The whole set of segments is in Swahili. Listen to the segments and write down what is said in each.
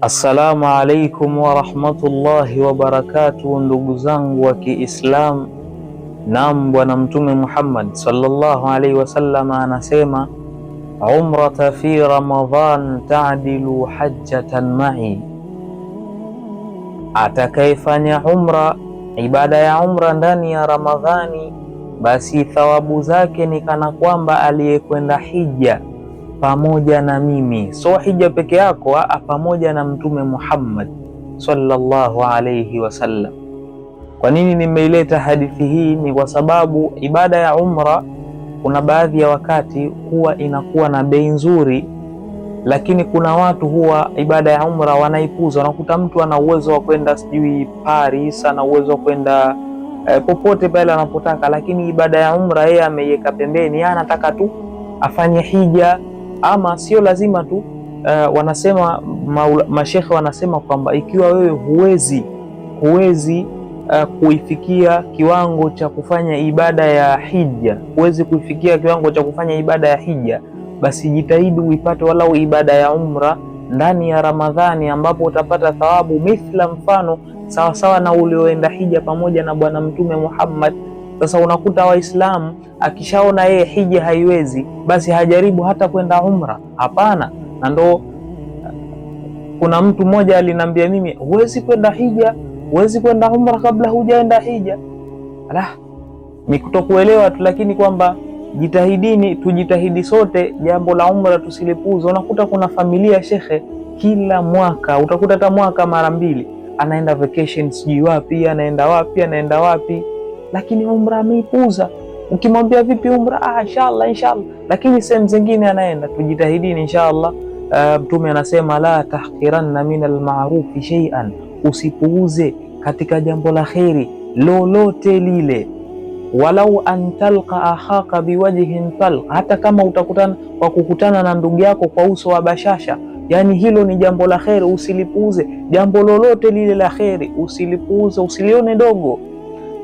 Assalamu alaikum warahmatullahi wabarakatuh, ndugu zangu wa kiislam Naam, Bwana Mtume Muhammad sallallahu alaihi wasallam anasema umrata fi ramadhan tadilu hajjatan mai, atakayefanya umra ibada ya umra ndani ya Ramadhani, basi thawabu zake ni kana kwamba aliyekwenda hija pamoja na mimi, so hija peke yako a, ah, ah, pamoja na Mtume Muhammad sallallahu alayhi wasallam. Kwa nini nimeileta hadithi hii? Ni kwa sababu ibada ya umra kuna baadhi ya wakati huwa inakuwa na bei nzuri, lakini kuna watu huwa ibada ya umra wanaipuza. Unakuta mtu ana uwezo wa kwenda sijui Paris, ana uwezo wa kwenda eh, popote pale anapotaka, lakini ibada ya umra yeye ameiweka pembeni, anataka tu afanye hija ama sio lazima tu uh, wanasema mashekhe wanasema kwamba ikiwa wewe huwezi huwezi uh, kuifikia kiwango cha kufanya ibada ya hija, huwezi kuifikia kiwango cha kufanya ibada ya hija, basi jitahidi uipate walau ibada ya umra ndani ya Ramadhani, ambapo utapata thawabu mithla, mfano sawasawa na ulioenda hija pamoja na Bwana Mtume Muhammad sasa unakuta Waislamu akishaona yeye hija haiwezi, basi hajaribu hata kwenda umra, hapana. Na ndo kuna mtu mmoja aliniambia mimi, huwezi kwenda hija, huwezi kwenda umra kabla hujaenda hija. Ala, ni kutokuelewa tu, lakini kwamba jitahidini, tujitahidi sote, jambo la umra tusilipuuze. Unakuta kuna familia shekhe, kila mwaka utakuta hata mwaka mara mbili, anaenda vacation, sijui wapi, anaenda wapi, anaenda wapi lakini umra ameipuuza. Ukimwambia vipi umra, ah, inshallah inshallah, lakini sehemu zingine anaenda. Tujitahidini inshallah. Eh, Mtume uh, anasema la tahkiranna min almarufi shay'an, usipuuze katika jambo la kheri lolote lile walau an talqa akhaka biwajhin fal hata kama utakutana kwa kukutana na ndugu yako kwa uso wa bashasha. Yani hilo ni jambo la kheri, usilipuuze. Jambo lolote lile la kheri usilipuuze, usilione dogo.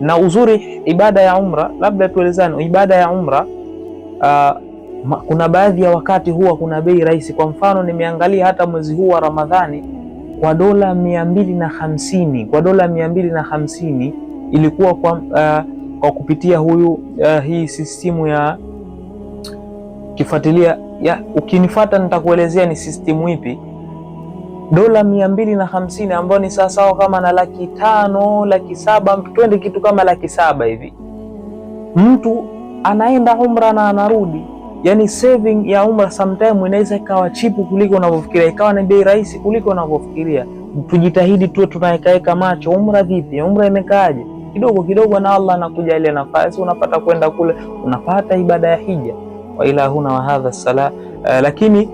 Na uzuri ibada ya umra, labda tuelezane ibada ya umra uh, kuna baadhi ya wakati huwa kuna bei rahisi. Kwa mfano nimeangalia hata mwezi huu wa Ramadhani kwa dola mia mbili na hamsini kwa dola mia mbili na hamsini ilikuwa kwa, uh, kwa kupitia huyu uh, hii sistimu ya kifuatilia ya, ukinifata nitakuelezea ni sistimu ipi dola mia mbili na hamsini ambao ni sawasawa kama na laki tano laki saba twende kitu kama laki saba hivi, mtu anaenda umra na anarudi. Yani saving ya umra sometime inaweza ikawa chipu kuliko unavyofikiria, ikawa ni bei rahisi kuliko unavyofikiria. Tujitahidi tu tunawekaweka macho, umra vipi, umra imekaaje? Kidogo kidogo na Allah anakujalia nafasi, unapata kwenda kule, unapata ibada ya hija wailahuna wahadha sala. Uh, eh, lakini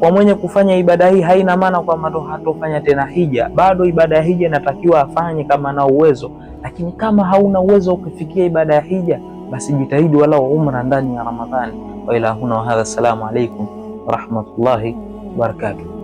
kwa mwenye kufanya ibada hii haina maana kwamba ndo hatofanya tena hija. Bado ibada ya hija inatakiwa afanye kama ana uwezo, lakini kama hauna uwezo ukifikia ibada ya hija, basi jitahidi walau umra ndani ya Ramadhani. wa Wailahuna wahadha, assalamu alaikum warahmatullahi wabarakatuh.